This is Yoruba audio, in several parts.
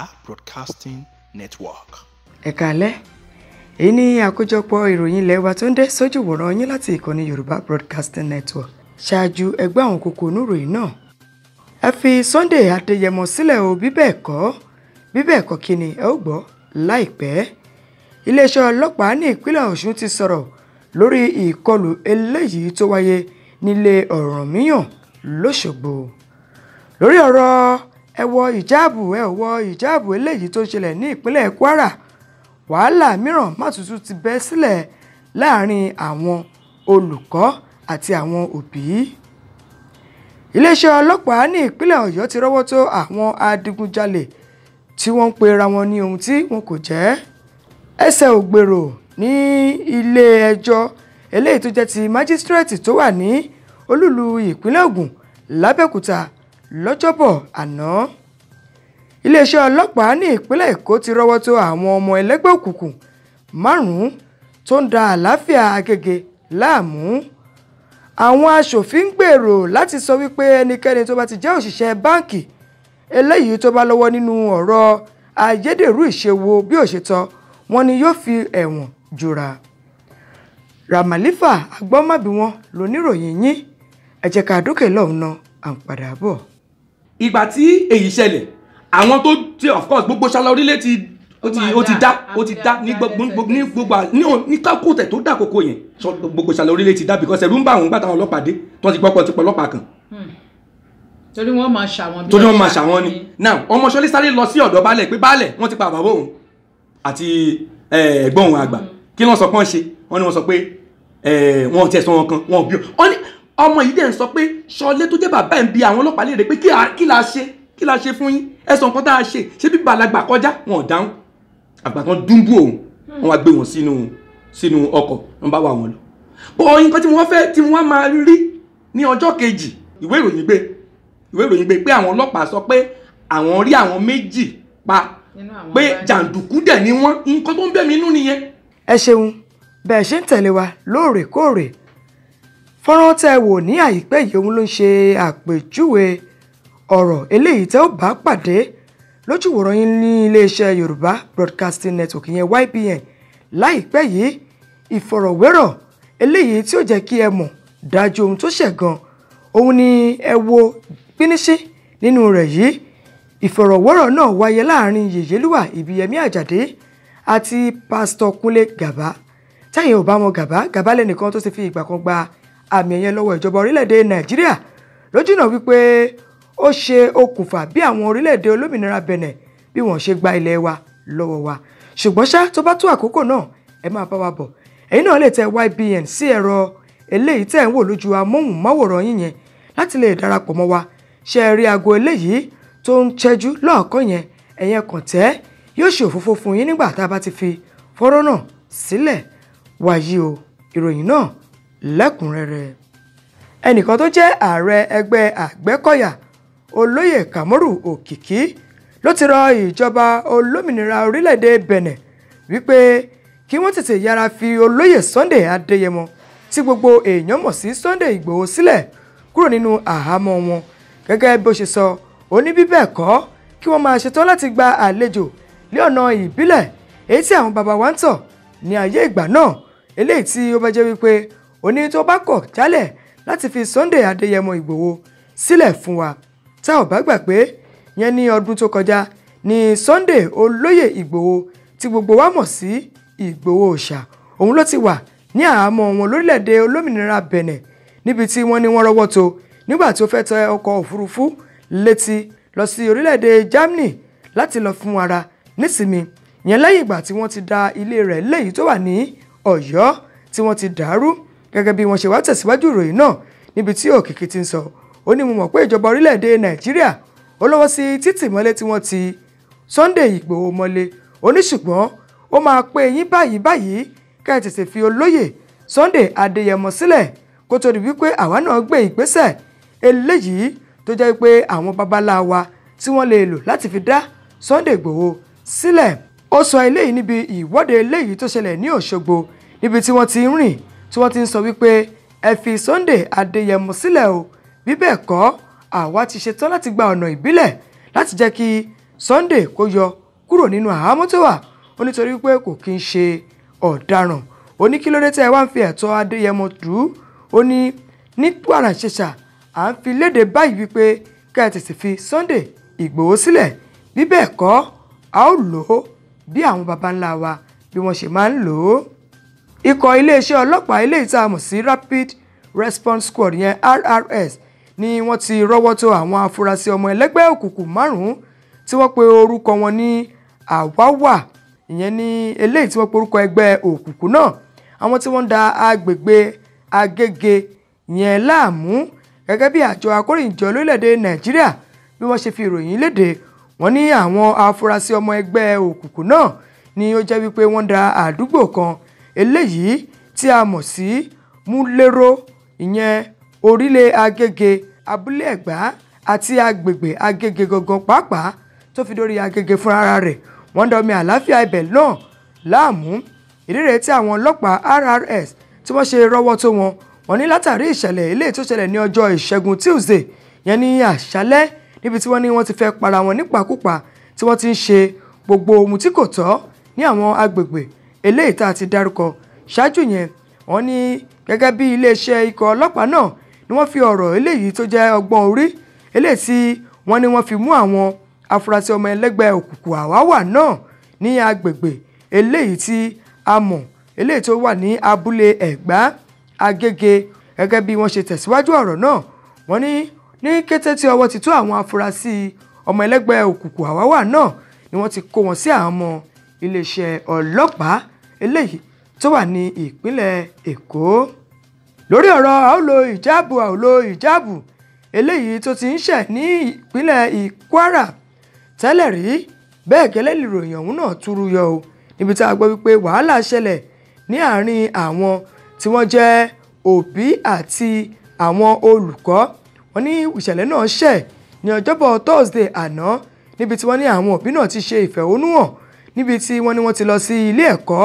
Yorùbá Broadcasting Network. ẹ káalẹ́ èyí ni àkójọpọ̀ ìròyìn ilé wa tó ń dé sójú wòran yín láti ìkànnì Yorùbá Broadcasting Network ṣáájú ẹgbẹ́ àwọn kókó oníròyìn náà ẹ fi Sunday Adéyẹmọ sílẹ̀ o bí bẹ́ẹ̀ kọ́ bí bẹ́ẹ̀ kọ́ kí ni ẹ ó gbọ́ láìpẹ́ iléeṣẹ́ ọlọ́pàá ní ìpínlẹ̀ Ọ̀ṣun ti sọ̀rọ̀ lórí ìkọlù eléyìí tó wáyé nílé Ọ̀rànmíyàn lóṣogbo lórí ọ̀rọ̀ ẹ wọ ìjáàbù ẹ ò wọ ìjáàbù eléyìí tó ṣẹlẹ̀ ní ìpínlẹ̀ Kwara wàhálà mìíràn má tuntun ti bẹ́ sílẹ̀ láàrin àwọn olùkọ́ àti àwọn òbí iléeṣẹ́ ọlọ́pàá ní ìpínlẹ̀ Ọ̀yọ́ ti rọ́wọ́ tó àwọn adigunjalè tí wọ́n ń pera wọn ní ohun tí wọn kò jẹ́ ẹsẹ̀ ògbèrò ní ilé ẹjọ́ eléyìí tó jẹ́ ti májísírẹ́ẹ̀tì tó wà ní olúlu ìpínlẹ̀ Ògùn lábẹ́òkúta lọ́jọ́bọ̀ àná iléeṣẹ́ ọlọ́pàá ní ìpínlẹ̀ èkó ti rọ́wọ́ tó àwọn ọmọ ẹlẹ́gbẹ́ òkùnkùn márùn-ún tó ń da àlàáfíà agége láàmú àwọn aṣòfin gbèrò láti sọ wípé ẹnikẹ́ni tó bá ti jẹ́ òṣìṣẹ́ báǹkì eléyìí tó bá lọ́wọ́ nínú ọ̀rọ̀ ayédèrú ìṣèwò bí òṣètọ́ wọn ni yóò fi ẹ̀wọ̀n jura ramalifa agbọ́mábí wọn lóníròyìn yín ẹ jẹ́ ká dókè lọ́hùn náà à bọ̀ ìgbà tí èyí ṣẹlẹ̀ àwọn tó ti of course gbogbo ṣàlọ́rí lé ti ó ti dá ó ti dá ní gbogbo ní gbogbo ní kákòtẹ̀ tó dà kókó yẹn gbogbo ṣàlọ́rí lé ti dá because ẹ̀rú ń bá àwọn gbàtà ọlọ́pàá dé tí wọ́n ti gbọ́kọ̀ ti pọ̀ ọlọ́pàá kan hmm. torí wọn máa ṣàwọn bí wọn máa ṣàwọn ni now ọmọṣọlé sáré lọ sí ọ̀dọ̀ baálẹ̀ pé baálẹ̀ wọn ti pa bàbá òun àti ẹ̀gbọ́n òun àgbà hmm. kí wọn sọ pé wọn ṣe wọn ni wọn sọ pé wọn ti ẹ̀sùn wọn kan wọn bí wọn ọmọ yìí dẹ̀ ń sọ pé Ṣọlé tó jẹ́ bàbá ẹ̀ ń bi àwọn ọlọ́pàá léèrè pé kí la ṣe kí la ṣe fún yín ẹ̀sùn nǹkan tá a ṣe ṣé bí bàlágbà kọjá wọn ò dáhùn àgbà kan dúnbù òun wọn wá gbé wọn sínú sínú ọkọ̀ wọn bá wà wọn lọ. bọ́ ọyìn kan tí wọ́n fẹ́ tí wọ́n máa rí ní ọjọ́ kejì ìwé ìròyìn gbé ìwé ìròyìn gbé pé àwọn ọlọ́pàá sọ pé àwọn rí àwọn méjì pa pé jàǹdùkú dẹ̀ ni wọ́n nǹkan tó ń bẹ̀ mí nú nìyẹn. ẹ ṣeun bẹ́ẹ̀ ṣe ń tẹ̀lé wa lóòrèkóòrè fọ́nrán tẹ́ ẹ wò ní àìpẹ́ yìí òun ló ń ṣe àpèjúwe ọ̀rọ̀ eléyìí tẹ́ ó bá pàdé lójúwòrán yín ní iléeṣẹ́ yorùbá broadcasting network yẹn ybn láìpẹ́ yìí ìfọ̀rọ̀wérọ̀ eléyìí tí ó jẹ́ kí ẹ mọ̀ dájú ohun tó ṣẹ̀ gan òun ni ẹ wo pínísí nínú rẹ̀ yìí ìfọ̀rọ̀wérọ̀ náà wáyé láàrin yèyélúwà ìbíyẹmí àjàdé àti pásítọ̀ kúnlé gàbá táyìn ò bá mọ gàbá gàbá lẹ́nìkan tó ti fi ìgbà kan gba àmì ẹ̀yẹ lọ́wọ́ ìjọba orílẹ̀-èdè nàìjíríà lójúnà wípé ó ṣe okùnfà bí àwọn orílẹ̀-èdè olómìnira bẹ̀nẹ̀ bí wọ́n ṣe gba ilẹ̀ wa lọ́wọ́ wa ṣùgbọ́n ṣá tó bá tó àkókò náà ẹ máa bá wa bọ̀ ẹ̀yin náà lè tẹ YBN sí ẹ̀rọ eléyìí tẹ̀ ń wò lójú amóhùnmáwòrán yín yẹn láti lè darapọ̀ mọ́ wa ṣe rí aago eléyìí tó ń ṣẹ́jú lọ́ọ̀kan yẹn ẹ̀yẹn kàn tẹ́ fi fọ́rọ́ náà sílẹ̀ o ìròyìn lẹ́kùnrẹ́rẹ́ ẹnìkan tó jẹ́ ààrẹ ẹgbẹ́ àgbẹ̀kọ̀yà olóyè Kamoru Òkìkí ló ti rọ ìjọba olómìnira orílẹ̀-èdè Benin wípé kí wọ́n tètè yára fi olóyè Sunday Adéyẹmọ tí gbogbo èèyàn mọ̀ sí Sunday Ìgbòho sílẹ̀ kúrò nínú àhámọ́ wọn gẹ́gẹ́ bó ṣe sọ ó ní bí bẹ́ẹ̀ kọ́ kí wọ́n máa ṣetán láti gba àlejò lé ọ̀nà ìbílẹ̀ èyí tí àwọn bàbá wa ń tọ̀ ní ayé ìgbà náà eléyìí tí ó bá jẹ́ wípé òní tó bá kọ̀ jálẹ̀ láti fi Sunday Adéyẹmọ Ìgbòho sílẹ̀ fún wa tá ò bá gbà pé yẹn ní ọdún tó kọjá ní Sunday olóyè Ìgbòho tí gbogbo wa mọ̀ sí Ìgbòho Òòṣà òun ló ti wà ní àhámọ́ wọn lórílẹ̀‐èdè olómìnira Benin níbi tí wọ́n ní wọ́n rọ́wọ́ tó nígbà tó fẹ́ tẹ ọkọ̀ òfurufú létí lọ sí orílẹ̀‐èdè Germany láti lọ fún ara nísìmí yẹn lẹ́yìn ìgbà tí wọ́n ti da ilé rẹ̀ léyìí tó wà ní Ọ̀yọ́ tí wọ́n ti dàrú gẹ́gẹ́ bí wọ́n ṣe wá tẹ̀síwájú ìròyìn náà níbi tí òkìkí ti ń sọ ó ní mo mọ̀ pé ìjọba orílẹ̀-èdè nàìjíríà ó lọ́wọ́ sí títìmọ́lé tí wọ́n ti Sunday Ìgbòho mọ́lé ó ní ṣùgbọ́n ó máa pé yín báyìí báyìí ká ẹ tètè fi olóyè Sunday Adéyẹmọ sílẹ̀ kó tó di wípé àwa náà gbé ìgbésẹ̀ eléyìí tó jẹ́ pé àwọn babalá wa tí wọ́n lè lò láti fi dá Sunday Ìgbòho sílẹ̀ ó sọ eléyìí níbi ìwọ́de eléyìí tó ṣẹlẹ̀ ní Òṣogbo níbi tí wọ́n ti ń rìn tí wọ́n ti ń sọ wípé ẹ fi Sunday Adéyẹmọ sílẹ̀ o bí bẹ́ẹ̀ kọ́ àwa ti ṣetán láti gba ọ̀nà ìbílẹ̀ láti jẹ́ kí Sunday kó yọ kúrò nínú àhámọ́ tó wà ó nítorí pé kò kí ń ṣe ọ̀daràn ó ní kí ló dé tí ẹ wá ń fi ẹ̀tọ́ Adéyẹmọ dù ú ó ní ní wàrà ṣẹṣà à ń fi léde báyìí wípé ká ẹ tètè fi Sunday Ìgbòho sílẹ̀ bí bẹ́ẹ̀ kọ́ a ó lò ó bí àwọn baba ńlá wa bí wọ́n ṣe máa ń lò ó ikọ̀ iléeṣẹ́ ọlọ́pàá eléyìí tá a mọ̀ sí rapid response squad yẹn RRS ni wọ́n ti rọ́wọ́ tó àwọn afurasí ọmọ ẹlẹ́gbẹ́ òkùnkùn márùn-ún tí wọ́n pe orúkọ wọn ní àwáwà ìyẹn ní eléyìí tí wọ́n pe orúkọ ẹgbẹ́ òkùnkùn náà àwọn tí wọ́n ń da agbègbè agége yẹn láàmú gẹ́gẹ́ bí àjọ akórìíjọ lórílẹ̀‐èdè nàìjíríà bí wọ́n ṣe fi ìròyìn léde wọ́n ní àwọn afurasí ọmọ ẹgbẹ́ òkùnkùn náà ni ó jẹ́ wípé wọ́n da àdúgbò kan eléyìí tí a mọ̀ sí múlẹ́rọ ìyẹn orílẹ̀ agége abúlé ẹ̀gbá àti agbègbè agége gangan pàápàá tó fi dórí agége fúnra rẹ̀ wọ́n dọ̀mí àlàáfíà ibẹ̀ náà láàmú ìdí rèé tí àwọn ọlọ́pàá RRS tí wọ́n ṣe rọ́wọ́ tó wọn wọ́n ní látàrí ìṣẹ̀lẹ̀ eléyìí tó ṣẹlẹ̀ ní ọjọ́ ìṣẹ́gun Tuesday yẹn ní àṣálẹ́ níbi tí wọ́n ní wọ́n ti fẹ́ para wọn nípakúpa tí wọ́n ti ń ṣe gbogbo ohun tí kò tọ́ ní àwọn agbègbè eléyìí tá a ti dárúkọ ṣáájú yẹn wọ́n ní gẹ́gẹ́ bí iléeṣẹ́ ikọ̀ ọlọ́pàá náà ni wọ́n fi ọ̀rọ̀ eléyìí tó jẹ́ ọgbọ́n orí eléyìí tí wọ́n ní wọ́n fi mú àwọn afurasí ọmọ ẹlẹ́gbẹ́ òkùnkùn àwáwà náà ní agbègbè eléyìí tí a mọ̀ eléyìí tó wà ní abúlé ẹ̀gbá agége gẹ́gẹ́ bí wọ́n ṣe tẹ̀síwájú ọ̀rọ̀ náà wọ́n ní ní kété tí ọwọ́ ti tó àwọn afurasí ọmọ ẹlẹ́gbẹ́ òkùnkùn àwáwà náà ni wọ́n ti kó wọn sí àhámọ́ iléeṣẹ́ ọlọ́pàá eléyìí tó wà ní ìpínlẹ̀ Èkó lórí ọ̀rọ̀ àólo ìjáàbù àólo ìjáàbù eléyìí tó ti ń ṣẹ̀ ní ìpínlẹ̀ Kwara tẹ́lẹ̀ rí bẹ́ẹ̀ gẹ́lẹ́ ìròyìn ọ̀hún náà túrú yọ o níbi tá a gbọ́ wípé wàhálà ṣẹlẹ̀ ní àárín àwọn tí wọ́n jẹ́ òbí àti àwọn olùkọ́ wọ́n ní ìṣẹ̀lẹ̀ náà ṣẹ̀ ní ọjọ́bọ̀ Thursday àná níbi tí wọ́n ní àwọn òbí náà ti ṣe ìfẹ̀hónúhàn níbi tí wọ́n ní wọ́n ti lọ sí ilé ẹ̀kọ́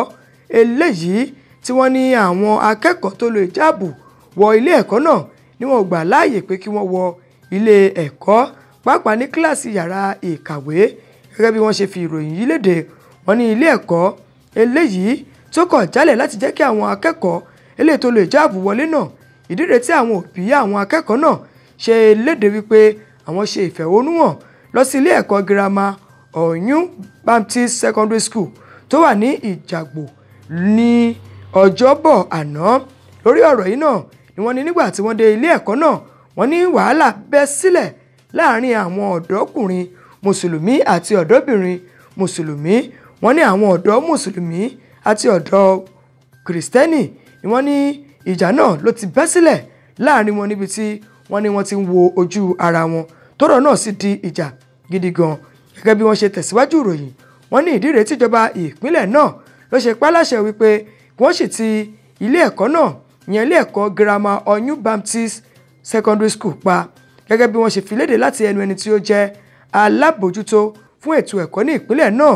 eléyìí tí wọ́n ní àwọn akẹ́kọ̀ọ́ tó lo ìjáàbù wọ ilé ẹ̀kọ́ náà ni wọ́n gbà láàyè pé kí wọ́n wọ ilé ẹ̀kọ́ pàápàá ní kíláàsì yàrá ìkàwé gẹ́gẹ́ bí wọ́n ṣe fi ìròyìn yìí léde wọ́n ní ilé ẹ̀kọ́ eléyìí tó kọ̀ jálẹ̀ láti jẹ́ kí àwọn akẹ́kọ̀ọ́ eléyìí tó lo ìjáàbù wọlé náà ìdí tí àwọn òbí àwọn akẹ́kọ̀ọ́ náà ṣe léde wípé àwọn ṣe ìfẹ̀hónúhàn lọ sí ilé ẹ̀kọ́ girama oyún baptist secondary school tó wà ní ìjàgbò ní ọjọ́bọ̀ àná lórí ọ̀rọ̀ yìí náà ni wọ́n ní nígbà tí wọ́n dé ilé ẹ̀kọ́ náà wọ́n ní wàhálà bẹ́ sílẹ̀ láàrin àwọn ọ̀dọ́kùnrin mùsùlùmí àti ọ̀dọ́bìnrin mùsùlùmí wọ́n ní àwọn ọ̀dọ́ mùsùlùmí àti ọ̀dọ́ kìrìsìtẹ́nì ni wọ́n ní ìjà náà ló ti bẹ́ sílẹ̀ láàrin wọn níbi tí wọ́n ní wọ́n ti ń wo ojú ara wọn tọ́rọ̀ náà sì di ìjà gidi gan-an gẹ́gẹ́ bí wọ́n ṣe tẹ̀síwájú ìròyìn wọ́n ní ìdí rèé tíjọba ìpínlẹ̀ náà ló ṣe páláṣẹ wípé wọ́n sì ti ilé ẹ̀kọ́ náà ìyẹn ilé ẹ̀kọ́ girama oyún baptist secondary school pa gẹ́gẹ́ bí wọ́n ṣe fi léde láti ẹnu ẹni tí ó jẹ́ alábòjútó fún ètò ẹ̀kọ́ ní ìpínlẹ̀ náà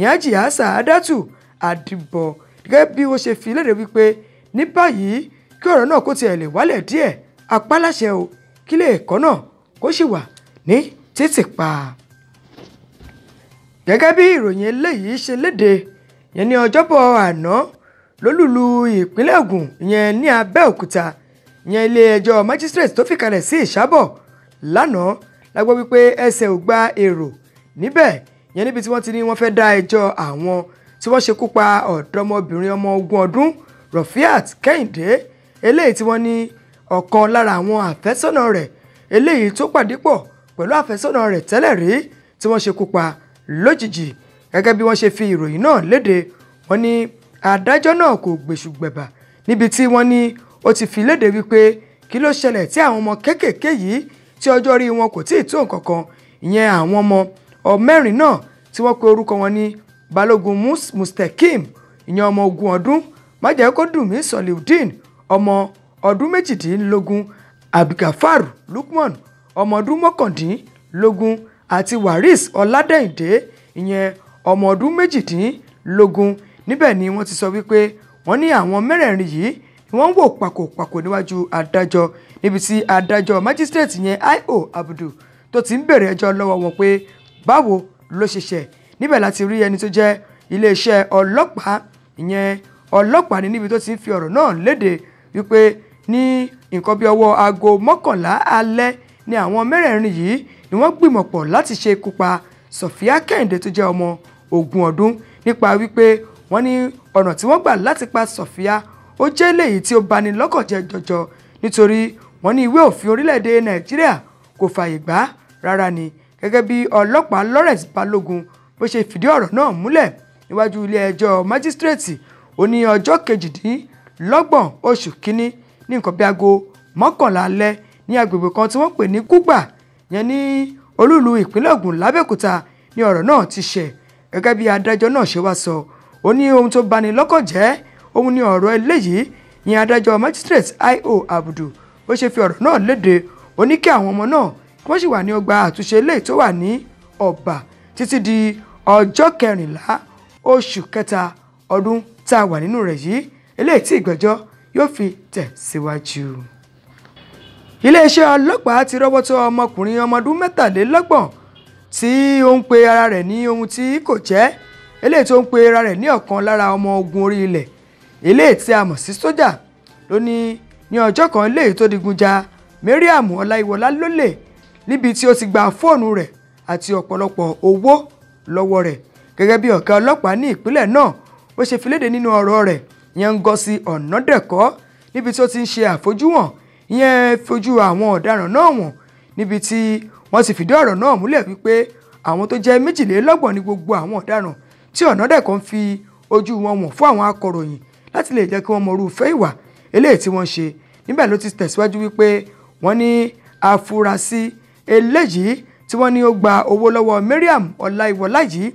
ìyájì àṣà adátù àdìbọ̀ gẹ́gẹ́ bí wọ́n ṣe fi léde wípé ní báyìí kí ọ̀rọ̀ náà kó tiẹ̀ lè wálẹ̀ díẹ̀ apá láṣẹ o kílé ẹ̀kọ́ náà kó sì wà ní títì pa gẹ́gẹ́ bí ìròyìn eléyìí ṣe léde yẹn ní ọjọ́bọ̀ àná lólùlù ìpínlẹ̀ Ògùn yẹn ní Abẹ́òkúta yẹn ilé ẹjọ́ magistrate tó fìkalẹ̀ sí Ìṣàbọ̀ lánàá la gbọ́ wípé ẹsẹ̀ ò gba èrò níbẹ̀ yẹn níbi tí wọ́n ti ní wọ́n fẹ́ dá ẹjọ́ àwọn tí wọ́n ṣekú pa ọ̀dọ́mọbìnrin ọmọ ogún ọdún Rafiat Kẹ́hìndé eléyìí tí wọ́n ní ọ̀kan lára àwọn àfẹ́sọ́nà rẹ̀ eléyìí tó pàdé pọ̀ pẹ̀lú àfẹ́sọ́nà rẹ̀ tẹ́lẹ̀ rí tí wọ́n ṣekú pa lójijì gẹ́gẹ́ bí wọ́n ṣe fi ìròyìn náà léde wọ́n ní adájọ́ náà kò gbèṣùgbẹ̀bà níbi tí wọ́n ní ó ti fi léde wípé kí ló ṣẹlẹ̀ tí àwọn ọmọ kéékèèké yìí tí ọjọ́ orí wọn kò tí ì tó nǹkan kan ìyẹn àwọn ọmọ ọmẹ́rin náà tí wọ́n pe orúkọ wọn ní Balógun Mustekim ìyẹn ọmọ ogún ọdún májẹ̀kọ́dùnmí Soliudeen ọmọ ọdún méjìdínlógún Abdulgafar Lukman ọmọ ọdún mọ́kàndínlógún àti waris ọládẹ́yìndé ìyẹn ọmọ ọdún méjìdínlógún níbẹ̀ ni wọ́n ti sọ wípé wọ́n ní àwọn mẹ́rẹ̀ẹ̀rin yìí ni wọ́n ń wò pàkópàkó níwájú adájọ́ níbi tí adájọ́ májísírèètì yẹn io abudu tó ti ń bèrè ẹjọ́ lọ́wọ́ wọn pé báwo ló ṣe ṣẹ̀ níbẹ̀ láti rí ẹni tó jẹ́ iléeṣẹ́ ọlọ́pàá ìyẹn ọlọ́pàá ní níbi tó ti ń fi ọ̀rọ̀ náà léde wípé ní nǹkan bí ọwọ́ aago mọ́kànlá alẹ́ ni àwọn mẹ́rẹ̀ẹ̀rin yìí ni wọ́n gbìmọ̀pọ̀ láti ṣe ikú pa Sofia Kẹ́hìndé tó jẹ́ ọmọ ogún ọdún nípa wípé wọ́n ní ọ̀nà tí wọ́n gbà láti pa Sofia ó jẹ́ léyìí tí ó bani lọ́kàn jẹ́ jọjọ nítorí wọ́n ní ìwé òfin orílẹ̀-èdè Nàìjíríà kò fààyè gbà rárá ni gẹ́gẹ́ bí ọlọ́pàá Lawrence Balógun bó ṣe fìdí ọ̀rọ̀ náà múlẹ̀ níwájú ilé ẹjọ́ májísírèètì ó ní ọjọ́ kejìdínlọ́gbọ̀n oṣù kínní ní nǹkan bí aago mọ́kànlá alẹ́ ní agbègbè kan tí wọ́n pè ní Kúgbà yẹn ní olúìlú ìpínlẹ̀ Ògùn lábẹ́òkúta ni ọ̀rọ̀ náà ti ṣẹ̀ gẹ́gẹ́ bí adájọ́ náà ṣe wá sọ ó ní ohun tó bani lọ́kàn jẹ́ òun ni ọ̀rọ̀ eléyìí yẹn adájọ́ magistrate I.O. Abudu bó ṣe fi ọ̀rọ̀ náà léde ó ní kí àwọn ọmọ náà kí wọ́n sì wà ní ọgbà àtúnṣe eléyìí tó wà ní ọ̀bà títí di ọjọ́ kẹrìnlá oṣù kẹta ọdún tá a wà nínú rẹ̀ yìí eléyìí tí ìgbẹ́jọ́ yóò fi tẹ̀síwájú iléeṣẹ́ ọlọ́pàá ti rọ́wọ́ tó ọmọkùnrin ọmọdún mẹ́tàlélọ́gbọ̀n tí ó ń pe ara rẹ̀ ní ohun tí kò jẹ́ eléyìí tó ń pe ara rẹ̀ ní ọ̀kan lára ọmọ ogun orí ilẹ̀ eléyìí tí a mọ̀ sí sójà ló ní ní ọjọ́ kan eléyìí tó digun ja Mariam Ọláyíwọlá lólè níbi tí ó ti gba fóònù rẹ̀ àti ọ̀pọ̀lọpọ̀ owó lọ́wọ́ rẹ̀ gẹ́gẹ́ bí ọ̀gá ọlọ́pàá ní ìpínlẹ̀ náà bó ṣe fi léde nínú ọ̀rọ̀ rẹ̀ ìyẹn Ngozi Ọ̀nàdẹ̀kọ́ níbi tí ó ti ń ṣe àfojúwọ̀n ìyẹn fojú àwọn ọ̀daràn náà wọ̀n níbi tí wọ́n ti fìdí ọ̀rọ̀ náà múlẹ̀ wípé àwọn tó jẹ́ méjìlélọ́gbọ̀n ni gbogbo àwọn ọ̀daràn tí ọ̀nà dẹ̀ kan fi ojú wọn wọ̀n fún àwọn akọ̀ròyìn láti lè jẹ́ kí wọ́n mọ irúfẹ́ ìwà eléyìí tí wọ́n ṣe níbẹ̀ ló ti tẹ̀síwájú wípé wọ́n ní afurasí eléyìí tí wọ́n ní ó gba owó lọ́wọ́ Mariam Ọláìwọlá yìí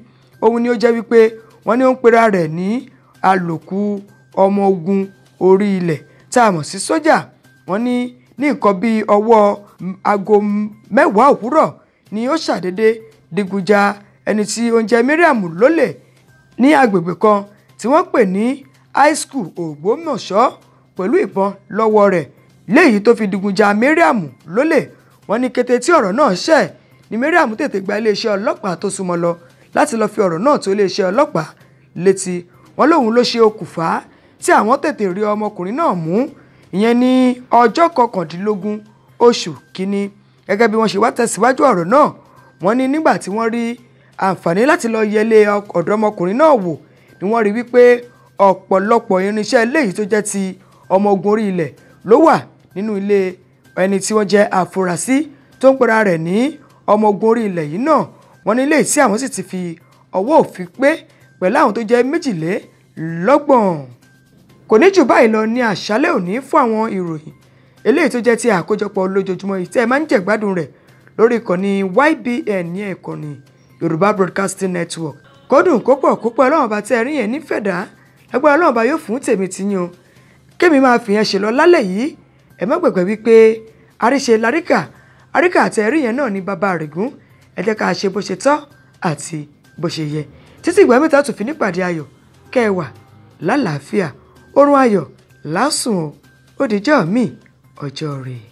òun ni ó jẹ́ wípé wọ́n ní ó ń pera rẹ̀ ní àlòkù ọmọ ogun orí ilẹ̀ tá a mọ̀ sí sójà wọ́n ní ní nǹkan bíi ọwọ́ aago mẹ́wàá òwúrọ̀ ni ó ṣàdédé digunja ẹni tí ó ń jẹ́ Mariam lólè ní agbègbè kan tí wọ́n pè ní high school Ògbómọ̀ṣọ́ pẹ̀lú ìbọn lọ́wọ́ rẹ̀ léyìí tó fi digunja Mariam lólè wọ́n ní kété tí ọ̀rọ̀ náà ṣẹ̀ ni Mariam tètè gba iléeṣẹ́ ọlọ́pàá tó súnmọ́ lọ láti lọ́ọ́ fi ọ̀rọ̀ náà tó iléeṣẹ́ ọlọ́pàá létí wọ́n lóun ló ṣe okùnfà tí àwọn tètè rí ọmọkùnrin náà mú ìyẹn ní ọjọ́ kọkàndínlógún oṣù kínní gẹ́gẹ́ bí wọ́n ṣe wá tẹ̀síwájú ọ̀rọ̀ náà wọ́n ní nígbà tí wọ́n rí àǹfààní láti lọ yẹlé ọ̀dọ́mọkùnrin náà wò ni wọ́n rí wípé ọ̀pọ̀lọpọ̀ irinṣẹ́ eléyìí tó jẹ́ ti ọmọ ogun orí ilẹ̀ ló wà nínú ilé ẹni tí wọ́n jẹ́ àfúrásì tó ń pera rẹ̀ ní ọmọ ogun orí ilẹ̀ yìí náà wọ́n ní ilé tí àwọn sì ti fi ọwọ́ òfin pé pẹ̀lú àwọn tó jẹ́ méjìlélọ́gbọ̀n kò ní jù báyìí lọ ní àṣálẹ́ òní fún àwọn ìròyìn eléyìí tó jẹ́ ti àkójọpọ̀ lójoojúmọ́ yìí tí ẹ máa ń jẹ̀gbádùn rẹ̀ lórí ìkànnì YBN ní ẹ̀kọ́ni Yorùbá Broadcasting Network kódùn kó pọ̀ kó pọ̀ ọlọ́run bá tẹ ẹ rí yẹn nífẹ̀dá ẹgbẹ́ ọlọ́run bá yóò fún tèmi ti yín o kémi máa fìyẹn ṣe lọ lálẹ́ yìí ẹ má gbàgbé wípé àríṣe láríkà àríkà àtẹ rí yẹn náà ní bàbá àrègún ẹ jẹ́ ká ṣe bó ṣe tọ́ àti bó ṣe yẹ títí ìgbà mẹ́ta tó fi nípàdé ayọ̀ kẹ́ lálàáfíà oorun ayọ̀ lásùn ó dìjọ́ mi ọjọ́ rèé